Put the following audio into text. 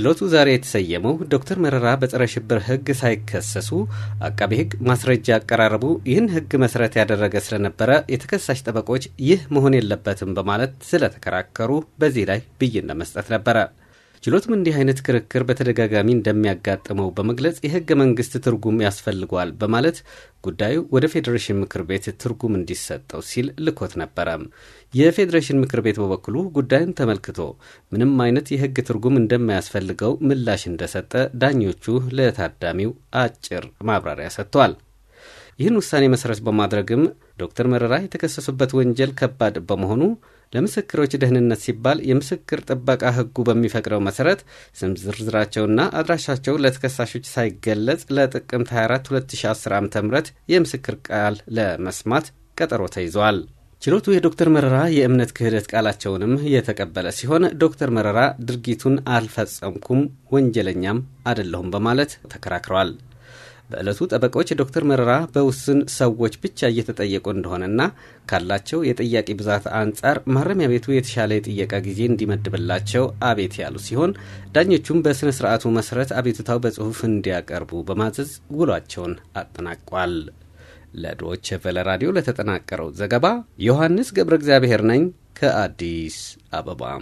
ችሎቱ ዛሬ የተሰየመው ዶክተር መረራ በጸረ ሽብር ህግ ሳይከሰሱ አቃቢ ህግ ማስረጃ አቀራረቡ ይህን ህግ መሰረት ያደረገ ስለነበረ የተከሳሽ ጠበቆች ይህ መሆን የለበትም በማለት ስለተከራከሩ በዚህ ላይ ብይን ለመስጠት ነበረ። ችሎቱም እንዲህ አይነት ክርክር በተደጋጋሚ እንደሚያጋጥመው በመግለጽ የህገ መንግስት ትርጉም ያስፈልገዋል በማለት ጉዳዩ ወደ ፌዴሬሽን ምክር ቤት ትርጉም እንዲሰጠው ሲል ልኮት ነበረ። የፌዴሬሽን ምክር ቤት በበኩሉ ጉዳዩን ተመልክቶ ምንም አይነት የህግ ትርጉም እንደማያስፈልገው ምላሽ እንደሰጠ ዳኞቹ ለታዳሚው አጭር ማብራሪያ ሰጥተዋል። ይህን ውሳኔ መሠረት በማድረግም ዶክተር መረራ የተከሰሱበት ወንጀል ከባድ በመሆኑ ለምስክሮች ደህንነት ሲባል የምስክር ጥበቃ ሕጉ በሚፈቅደው መሠረት ስም ዝርዝራቸውና አድራሻቸው ለተከሳሾች ሳይገለጽ ለጥቅምት 24 2010 ዓ ም የምስክር ቃል ለመስማት ቀጠሮ ተይዟል። ችሎቱ የዶክተር መረራ የእምነት ክህደት ቃላቸውንም የተቀበለ ሲሆን ዶክተር መረራ ድርጊቱን አልፈጸምኩም፣ ወንጀለኛም አይደለሁም በማለት ተከራክረዋል። በዕለቱ ጠበቆች ዶክተር መረራ በውስን ሰዎች ብቻ እየተጠየቁ እንደሆነና ካላቸው የጥያቄ ብዛት አንጻር ማረሚያ ቤቱ የተሻለ የጥየቃ ጊዜ እንዲመድብላቸው አቤት ያሉ ሲሆን ዳኞቹም በሥነ ሥርዓቱ መሠረት አቤቱታው በጽሑፍ እንዲያቀርቡ በማዘዝ ውሏቸውን አጠናቋል። ለዶች ቨለ ራዲዮ ለተጠናቀረው ዘገባ ዮሐንስ ገብረ እግዚአብሔር ነኝ ከአዲስ አበባ